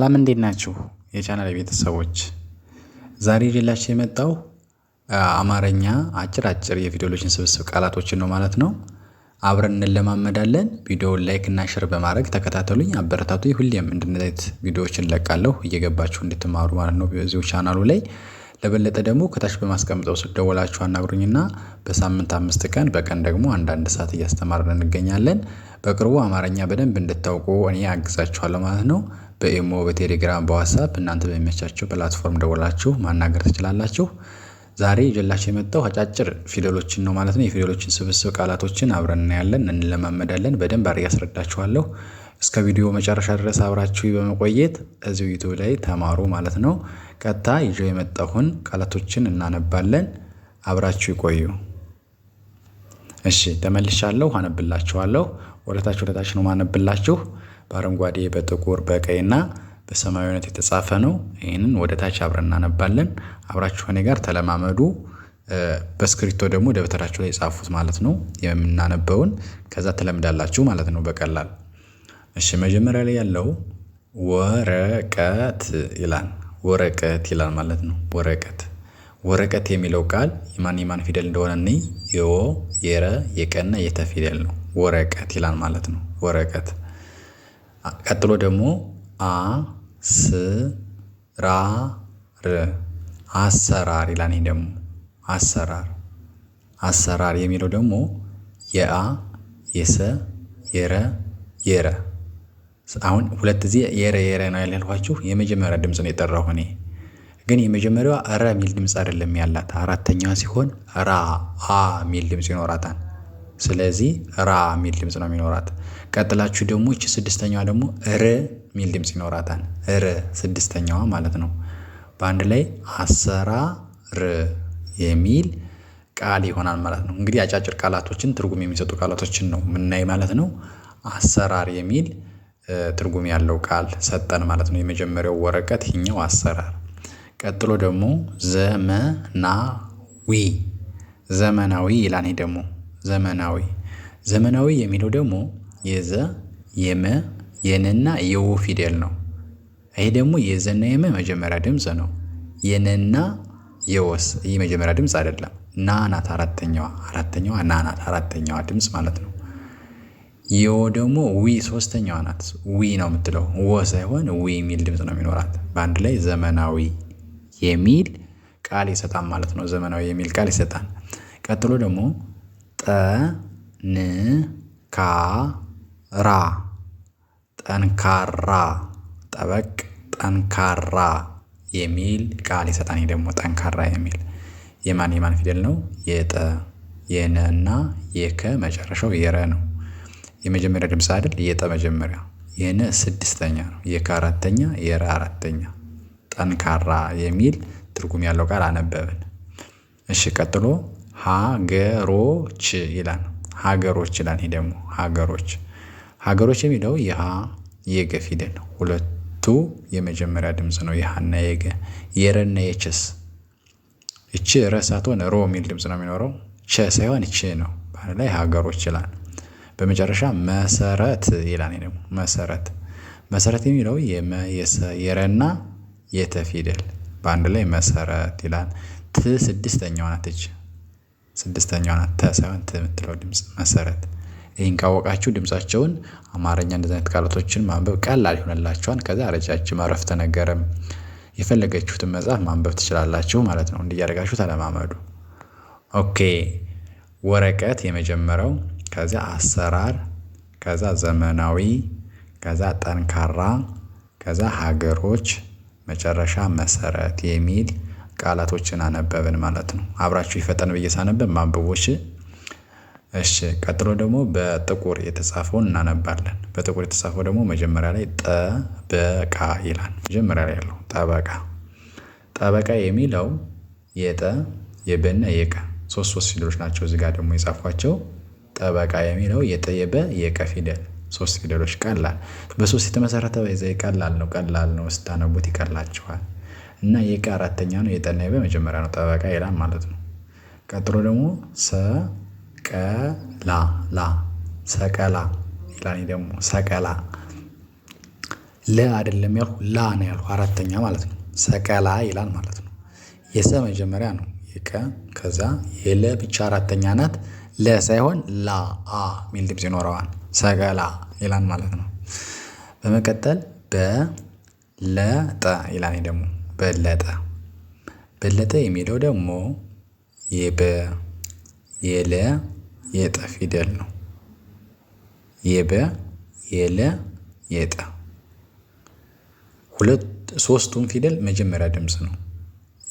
ሰላም እንዴት ናችሁ የቻናል ቤተሰቦች? ዛሬ ሌላችሁ የመጣው አማርኛ አጭር አጭር የቪዲዮሎችን ስብስብ ቃላቶችን ነው ማለት ነው። አብረን እንለማመዳለን። ቪዲዮውን ላይክ እና ሼር በማድረግ ተከታተሉኝ፣ አበረታቱ ሁሌም እንደነዚህ ቪዲዮዎችን እለቃለሁ እየገባችሁ እንድትማሩ ማለት ነው በዚሁ ቻናሉ ላይ። ለበለጠ ደግሞ ከታች በማስቀምጠው ስልክ ደውላችሁ አናግሩኝና በሳምንት አምስት ቀን በቀን ደግሞ አንዳንድ ሰዓት እያስተማርን እንገኛለን። በቅርቡ አማርኛ በደንብ እንድታውቁ እኔ አግዛችኋለሁ ማለት ነው። በኢሞ በቴሌግራም በዋትሳፕ እናንተ በሚመቻቸው ፕላትፎርም ደውላችሁ ማናገር ትችላላችሁ። ዛሬ ይዤላችሁ የመጣሁ አጫጭር ፊደሎችን ነው ማለት ነው። የፊደሎችን ስብስብ ቃላቶችን አብረን እናያለን፣ እንለማመዳለን። በደንብ አድርጌ ያስረዳችኋለሁ። እስከ ቪዲዮ መጨረሻ ድረስ አብራችሁ በመቆየት እዚሁ ዩቱብ ላይ ተማሩ ማለት ነው። ቀጥታ ይዤው የመጣሁን ቃላቶችን እናነባለን። አብራችሁ ይቆዩ። እሺ፣ ተመልሻለሁ። አነብላችኋለሁ። ወደታች ወደታች ነው ማነብላችሁ። በአረንጓዴ በጥቁር በቀይና በሰማያዊነት የተጻፈ ነው። ይህንን ወደታች አብረን እናነባለን። አብራችሁ ከኔ ጋር ተለማመዱ። በእስክሪቶ ደግሞ ደብተራችሁ ላይ የጻፉት ማለት ነው የምናነበውን። ከዛ ትለምዳላችሁ ማለት ነው በቀላል እሺ። መጀመሪያ ላይ ያለው ወረቀት ይላል። ወረቀት ይላል ማለት ነው። ወረቀት ወረቀት የሚለው ቃል የማን የማን ፊደል እንደሆነ እኔ የወ የረ የቀና የተፊደል ነው። ወረቀት ይላል ማለት ነው። ወረቀት ቀጥሎ ደግሞ አ ስ ራ ር አሰራር ይላል። ይህ ደግሞ አሰራር አሰራር የሚለው ደግሞ የአ የሰ የረ የረ አሁን ሁለት ጊዜ የረ የረ ነው ያልኳችሁ። የመጀመሪያ ድምፅ ነው የጠራው እኔ ግን የመጀመሪያዋ ረ ሚል ድምፅ አይደለም ያላት። አራተኛዋ ሲሆን ራ አ ሚል ድምፅ ይኖራታል። ስለዚህ ራ የሚል ድምጽ ነው የሚኖራት። ቀጥላችሁ ደግሞ እቺ ስድስተኛዋ ደግሞ ር የሚል ድምጽ ይኖራታል። ር ስድስተኛዋ ማለት ነው። በአንድ ላይ አሰራ ር የሚል ቃል ይሆናል ማለት ነው። እንግዲህ አጫጭር ቃላቶችን ትርጉም የሚሰጡ ቃላቶችን ነው ምናይ ማለት ነው። አሰራር የሚል ትርጉም ያለው ቃል ሰጠን ማለት ነው። የመጀመሪያው ወረቀት ይኛው አሰራር። ቀጥሎ ደግሞ ዘመናዊ ዘመናዊ ይላል። ይሄ ደግሞ ዘመናዊ ዘመናዊ የሚለው ደግሞ የዘ የመ የነና የው ፊደል ነው። ይሄ ደግሞ የዘና የመ መጀመሪያ ድምፅ ነው። የነና የወስ ይህ መጀመሪያ ድምፅ አይደለም። ና ናት አራተኛዋ አራተኛዋ ና ናት አራተኛዋ ድምፅ ማለት ነው። የወ ደግሞ ዊ ሶስተኛዋ ናት። ዊ ነው የምትለው ወ ሳይሆን ዊ የሚል ድምፅ ነው የሚኖራት። በአንድ ላይ ዘመናዊ የሚል ቃል ይሰጣል ማለት ነው። ዘመናዊ የሚል ቃል ይሰጣል። ቀጥሎ ደግሞ ጠንካራ ጠንካራ ጠበቅ ጠንካራ የሚል ቃል ይሰጣኔ ደግሞ ጠንካራ የሚል የማን የማን ፊደል ነው? የጠ የነ እና የከ መጨረሻው የረ ነው። የመጀመሪያ ድምፅ አይደል? የጠ መጀመሪያ የነ ስድስተኛ ነው። የከ አራተኛ፣ የረ አራተኛ። ጠንካራ የሚል ትርጉም ያለው ቃል አነበብን። እሺ ቀጥሎ ሀገሮች ይላል ሀገሮች ይላል ይሄ ደግሞ ሀገሮች ሀገሮች የሚለው የሀ የገ ፊደል ሁለቱ የመጀመሪያ ድምጽ ነው። የሀና የገ የረና እች ረሳት ሆነ ሮ የሚል ድምጽ ነው የሚኖረው ቸ ሳይሆን እች ነው ባለ ላይ ሀገሮች ይላል። በመጨረሻ መሰረት ይላል ደግሞ መሰረት መሰረት የሚለው የረና የተፊደል በአንድ ላይ መሰረት ይላል። ት ስድስተኛው ናት። ስድስተኛዋ ናት ተ ሳይሆን ት የምትለው ድምጽ መሰረት። ይህን ካወቃችሁ ድምፃቸውን አማርኛ እንደዚህ አይነት ቃላቶችን ማንበብ ቀላል ይሆንላችኋል። ከዛ ረጃጅም አረፍተ ነገርም የፈለገችሁትን መጽሐፍ ማንበብ ትችላላችሁ ማለት ነው። እንዲያደርጋችሁ ተለማመዱ። ኦኬ ወረቀት የመጀመሪያው ከዛ አሰራር ከዛ ዘመናዊ ከዛ ጠንካራ ከዛ ሀገሮች መጨረሻ መሰረት የሚል ቃላቶችን አነበብን ማለት ነው። አብራችሁ ይፈጠን ብዬ ሳነብብ እሺ። ቀጥሎ ደግሞ በጥቁር የተጻፈውን እናነባለን። በጥቁር የተጻፈው ደግሞ መጀመሪያ ላይ ጠበቃ ይላል። መጀመሪያ ላይ ያለው ጠበቃ ጠበቃ የሚለው የጠ የበና የቀ ሶስት ሶስት ፊደሎች ናቸው። እዚህ ጋር ደግሞ የጻፏቸው ጠበቃ የሚለው የጠየበ የቀ ፊደል ሶስት ፊደሎች ቀላል በሶስት የተመሰረተ ዘ ቀላል ነው። ቀላል ነው ስታነቡት ይቀላቸዋል። እና የቀ አራተኛ ነው። የጠና መጀመሪያ ነው ጠበቃ ይላል ማለት ነው። ቀጥሎ ደግሞ ሰቀላ ላ ሰቀላ ይላል ደግሞ ሰቀላ ለ አይደለም ያልኩ ላ ነው ያልኩ አራተኛ ማለት ነው። ሰቀላ ይላል ማለት ነው። የሰ መጀመሪያ ነው የቀ ከዛ የለ ብቻ አራተኛ ናት። ለ ሳይሆን ላ አ ሚል ድምፅ ይኖረዋል። ሰቀላ ይላል ማለት ነው። በመቀጠል በለጠ ይላል ደግሞ በለጠ በለጠ የሚለው ደግሞ የበ የለ የጠ ፊደል ነው። የበ የለ የጠ ሁለት ሶስቱም ፊደል መጀመሪያ ድምፅ ነው።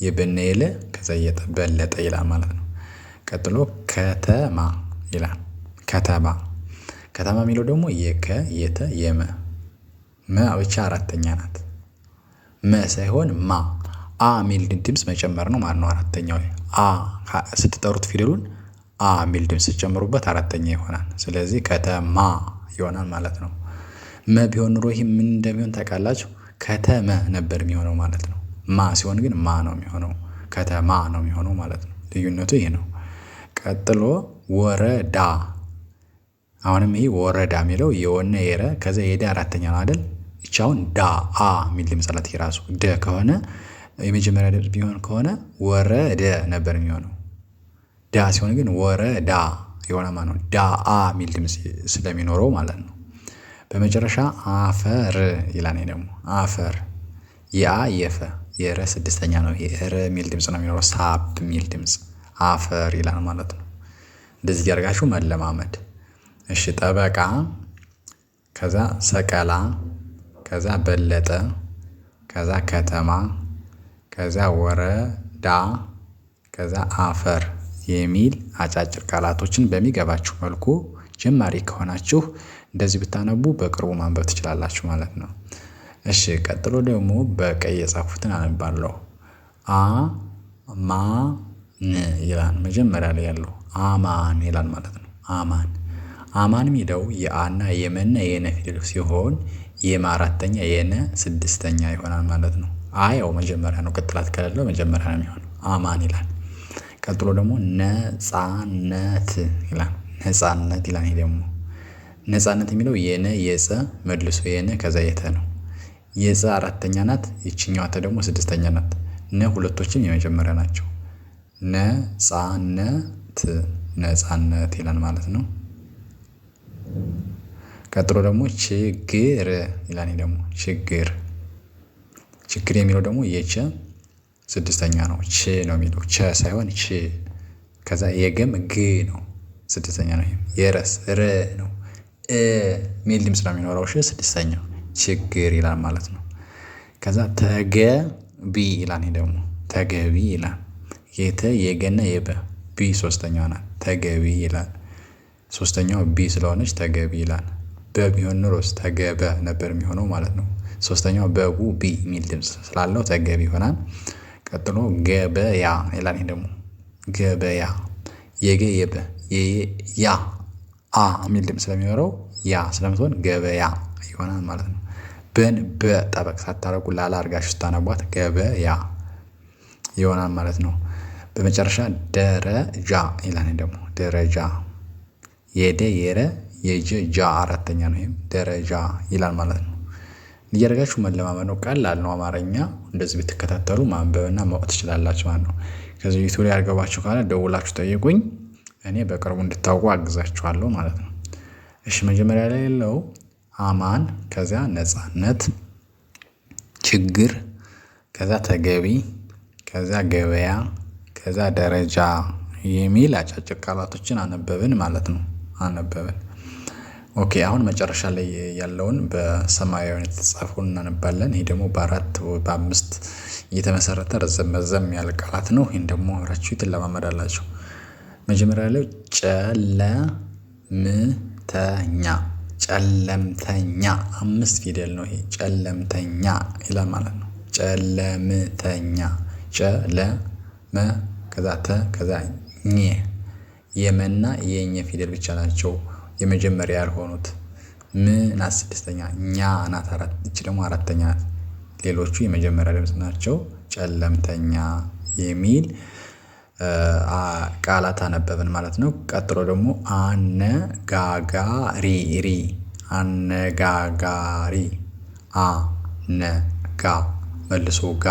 የበነ የለ ከዛ የጠ በለጠ ይላል ማለት ነው። ቀጥሎ ከተማ ይላል። ከተማ ከተማ የሚለው ደግሞ የከ የተ የመ መ ብቻ አራተኛ ናት። መ ሳይሆን ማ አ ሚል ድምፅ መጨመር ነው ማለት ነው። አራተኛው አ ስትጠሩት ፊደሉን አ ሚል ድምፅ ስትጨምሩበት አራተኛ ይሆናል። ስለዚህ ከተማ ይሆናል ማለት ነው። መ ቢሆን ኑሮ ይህ ምን እንደሚሆን ታውቃላችሁ? ከተመ ነበር የሚሆነው ማለት ነው። ማ ሲሆን ግን ማ ነው የሚሆነው፣ ከተማ ነው የሚሆነው ማለት ነው። ልዩነቱ ይህ ነው። ቀጥሎ ወረዳ አሁንም ይሄ ወረዳ የሚለው የወነ የረ ከዛ የደ አራተኛ ነው አይደል? እቻውን ዳ አ የሚል ድምፅ አላት። የራሱ ደ ከሆነ የመጀመሪያ ድምፅ ቢሆን ከሆነ ወረደ ነበር የሚሆነው። ዳ ሲሆን ግን ወረዳ የሆነ ማ ነው ዳ አ የሚል ድምፅ ስለሚኖረው ማለት ነው። በመጨረሻ አፈር ይላኔ ደግሞ አፈር የአ የፈ የረ ስድስተኛ ነው። ይሄ ረ የሚል ድምፅ ነው የሚኖረው፣ ሳብ የሚል ድምፅ አፈር ይላል ማለት ነው። እንደዚህ ያደርጋችሁ መለማመድ። እሺ ጠበቃ፣ ከዛ ሰቀላ ከዛ በለጠ ከዛ ከተማ ከዛ ወረዳ ከዛ አፈር የሚል አጫጭር ቃላቶችን በሚገባችሁ መልኩ ጀማሪ ከሆናችሁ እንደዚህ ብታነቡ በቅርቡ ማንበብ ትችላላችሁ ማለት ነው። እሺ ቀጥሎ ደግሞ በቀይ የጻፉትን አነባለሁ። አ ማ ን ይላል መጀመሪያ ላይ ያለው አማን ይላል ማለት ነው። አማን አማን የሚለው የአና የመና የነ ፊደል ሲሆን የመ አራተኛ የነ ስድስተኛ ይሆናል ማለት ነው። አያው መጀመሪያ ነው ቅጥላት ከሌለው መጀመሪያ ነው የሚሆነው አማን ይላል። ቀጥሎ ደግሞ ነጻነት ይላል ነጻነት ይላል። ይሄ ደግሞ ነጻነት የሚለው የነ የፀ መልሶ የነ ከዛ የተ ነው። የፀ አራተኛ ናት። ይችኛዋ ተ ደግሞ ስድስተኛ ናት። ነ ሁለቶችም የመጀመሪያ ናቸው። ነጻነት ነጻነት ይላል ማለት ነው። ቀጥሎ ደግሞ ችግር ይላኔ ደግሞ ችግር ችግር የሚለው ደግሞ የቸ ስድስተኛ ነው ች ነው የሚለው ቸ ሳይሆን ች ከዛ የግም ግ ነው ስድስተኛ ነው። የረስ ረ ነው ሚል ድምፅ ነው የሚኖረው ሽ ስድስተኛው ችግር ይላል ማለት ነው። ከዛ ተገቢ ይላኔ ደግሞ ተገቢ ይላል የተ የገና የበ ቢ ሶስተኛዋ ናት ተገቢ ይላል ሶስተኛው ቢ ስለሆነች ተገቢ ይላል። በቢሆን ኖሮ ተገበ ነበር የሚሆነው ማለት ነው። ሶስተኛው በቡ ቢ የሚል ድምፅ ስላለው ተገቢ ይሆናል። ቀጥሎ ገበያ ይላል። ይሄ ደግሞ ገበያ የገ የበ ያ አ የሚል ድምፅ ስለሚኖረው ያ ስለምትሆን ገበያ ይሆናል ማለት ነው። በን በጠበቅ ሳታረጉ ላላ አርጋሽ ስታነቧት ገበያ ይሆናል ማለት ነው። በመጨረሻ ደረጃ ይላል። ደግሞ ደረጃ የደ የረ የጃ አራተኛ ነው ደረጃ ይላል ማለት ነው። እያደረጋችሁ መለማመድ ነው። ቀላል ነው። አማርኛ እንደዚህ ብትከታተሉ ማንበብና ማወቅ ትችላላችሁ ማለት ነው። ከዚህ ዩቱብ ላይ ያልገባችሁ ካለ ደውላችሁ ጠይቁኝ። እኔ በቅርቡ እንድታውቁ አግዛችኋለሁ ማለት ነው። እሺ መጀመሪያ ላይ ያለው አማን፣ ከዚያ ነፃነት፣ ችግር፣ ከዛ ተገቢ፣ ከዛ ገበያ፣ ከዛ ደረጃ የሚል አጫጭር ቃላቶችን አነበብን ማለት ነው። አነበብን ኦኬ አሁን መጨረሻ ላይ ያለውን በሰማያዊ የተጻፈውን እናነባለን። ይህ ደግሞ በአራት በአምስት እየተመሰረተ ረዘም ረዘም ያለ ቃላት ነው። ይህን ደግሞ አብራችሁ ትለማመዳላችሁ። መጀመሪያ ላይ ጨለምተኛ፣ ጨለምተኛ አምስት ፊደል ነው። ይሄ ጨለምተኛ ይላል ማለት ነው። ጨለምተኛ ጨለመ ከዛ ተ ከዛ ኘ የመና የኘ ፊደል ብቻ ናቸው። የመጀመሪያ ያልሆኑት ም ናት ስድስተኛ ኛ ናት አራት ደግሞ አራተኛ ሌሎቹ የመጀመሪያ ድምጽ ናቸው። ጨለምተኛ የሚል ቃላት አነበብን ማለት ነው። ቀጥሎ ደግሞ አነጋጋሪ ሪ አነጋጋሪ አ ነ ጋ መልሶ ጋ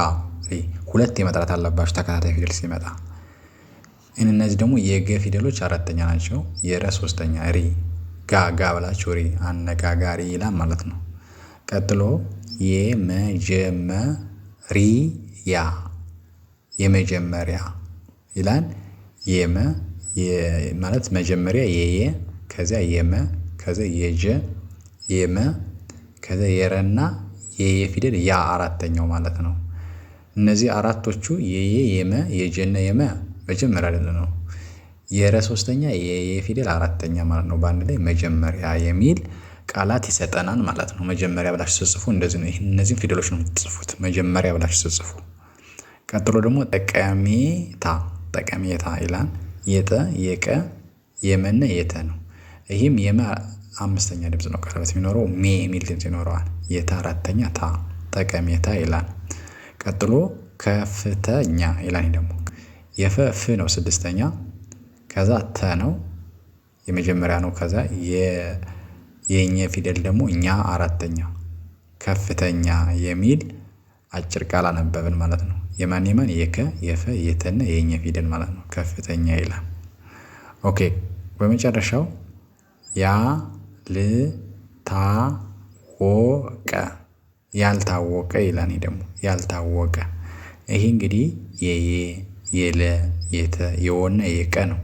ሪ ሁለት የመጥራት አለባቸው ተከታታይ ፊደል ሲመጣ እነዚህ ደግሞ የገ ፊደሎች አራተኛ ናቸው። የረ ሶስተኛ ሪ ጋጋ ብላችሁ ሪ አነጋጋሪ ይላል ማለት ነው። ቀጥሎ የመጀመሪያ የመጀመሪያ ይላል የመ ማለት መጀመሪያ የየ ከዚያ የመ ከዚያ የጀ የመ ከዚያ የረና የየ ፊደል ያ አራተኛው ማለት ነው። እነዚህ አራቶቹ የየ የመ የጀና የመ መጀመሪያ አይደለ ነው የረ ሶስተኛ የፊደል አራተኛ ማለት ነው በአንድ ላይ መጀመሪያ የሚል ቃላት ይሰጠናል ማለት ነው። መጀመሪያ ብላችሁ ስጽፉ እንደዚህ ነው። እነዚህም ፊደሎች ነው የምትጽፉት መጀመሪያ ብላችሁ ስጽፉ ቀጥሎ ደግሞ ጠቀሜታ ጠቀሜታ ይላል። የጠ የቀ የመነ የተ ነው። ይህም የመ አምስተኛ ድምፅ ነው። ቀለበት የሚኖረው ሜ የሚል ድምፅ ይኖረዋል። የተ አራተኛ ታ ጠቀሜታ ይላል። ቀጥሎ ከፍተኛ ይላል። ደግሞ የፈ ፍ ነው ስድስተኛ ከዛ ተ ነው የመጀመሪያ ነው። ከዛ የኘ ፊደል ደግሞ እኛ አራተኛ ከፍተኛ የሚል አጭር ቃል አነበብን ማለት ነው። የማን የማን የከ የፈ የተነ የኘ ፊደል ማለት ነው። ከፍተኛ ይላል። ኦኬ በመጨረሻው ያ ል ታ ቀ ያልታወቀ ይላል። ደግሞ ያልታወቀ ይሄ እንግዲህ የየ የለ የተ የወነ የቀ ነው።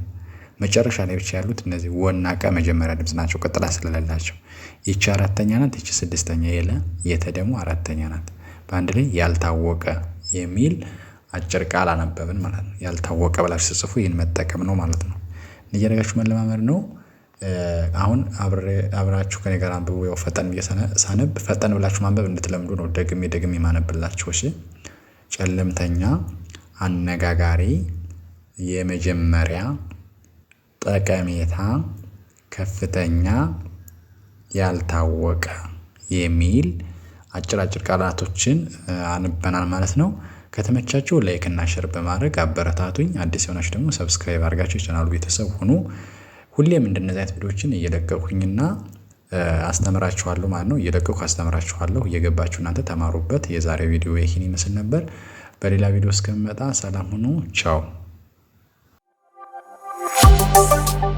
መጨረሻ ላይ ብቻ ያሉት እነዚህ ወና ቀ መጀመሪያ ድምፅ ናቸው፣ ቅጥላ ስለሌላቸው። ይቺ አራተኛ ናት፣ ይቺ ስድስተኛ የለ፣ የተ ደግሞ አራተኛ ናት። በአንድ ላይ ያልታወቀ የሚል አጭር ቃል አነበብን ማለት ነው። ያልታወቀ ብላችሁ ስጽፉ ይህን መጠቀም ነው ማለት ነው። እያደረጋችሁ መለማመድ ነው። አሁን አብራችሁ ከኔ ጋር አንብቡ። ያው ፈጠን ሳነብ ፈጠን ብላችሁ ማንበብ እንድትለምዱ ነው። ደግሜ ደግሜ ማነብላችሁ። እሺ። ጨለምተኛ አነጋጋሪ የመጀመሪያ ጠቀሜታ ከፍተኛ ያልታወቀ የሚል አጭራጭር ቃላቶችን አንበናል ማለት ነው። ከተመቻችሁ ላይክ እና ሸር በማድረግ አበረታቱኝ አዲስ የሆናችሁ ደግሞ ሰብስክራይብ አድርጋችሁ ይቻናሉ ቤተሰብ ሁኑ። ሁሌም እንደነዚህ አይነት ቪዲዮዎችን እየለቀቁኝና አስተምራችኋለሁ ማለት ነው። እየለቀኩ አስተምራችኋለሁ እየገባችሁ እናንተ ተማሩበት። የዛሬ ቪዲዮ ይህን ይመስል ነበር። በሌላ ቪዲዮ እስከምመጣ ሰላም ሁኑ። ቻው you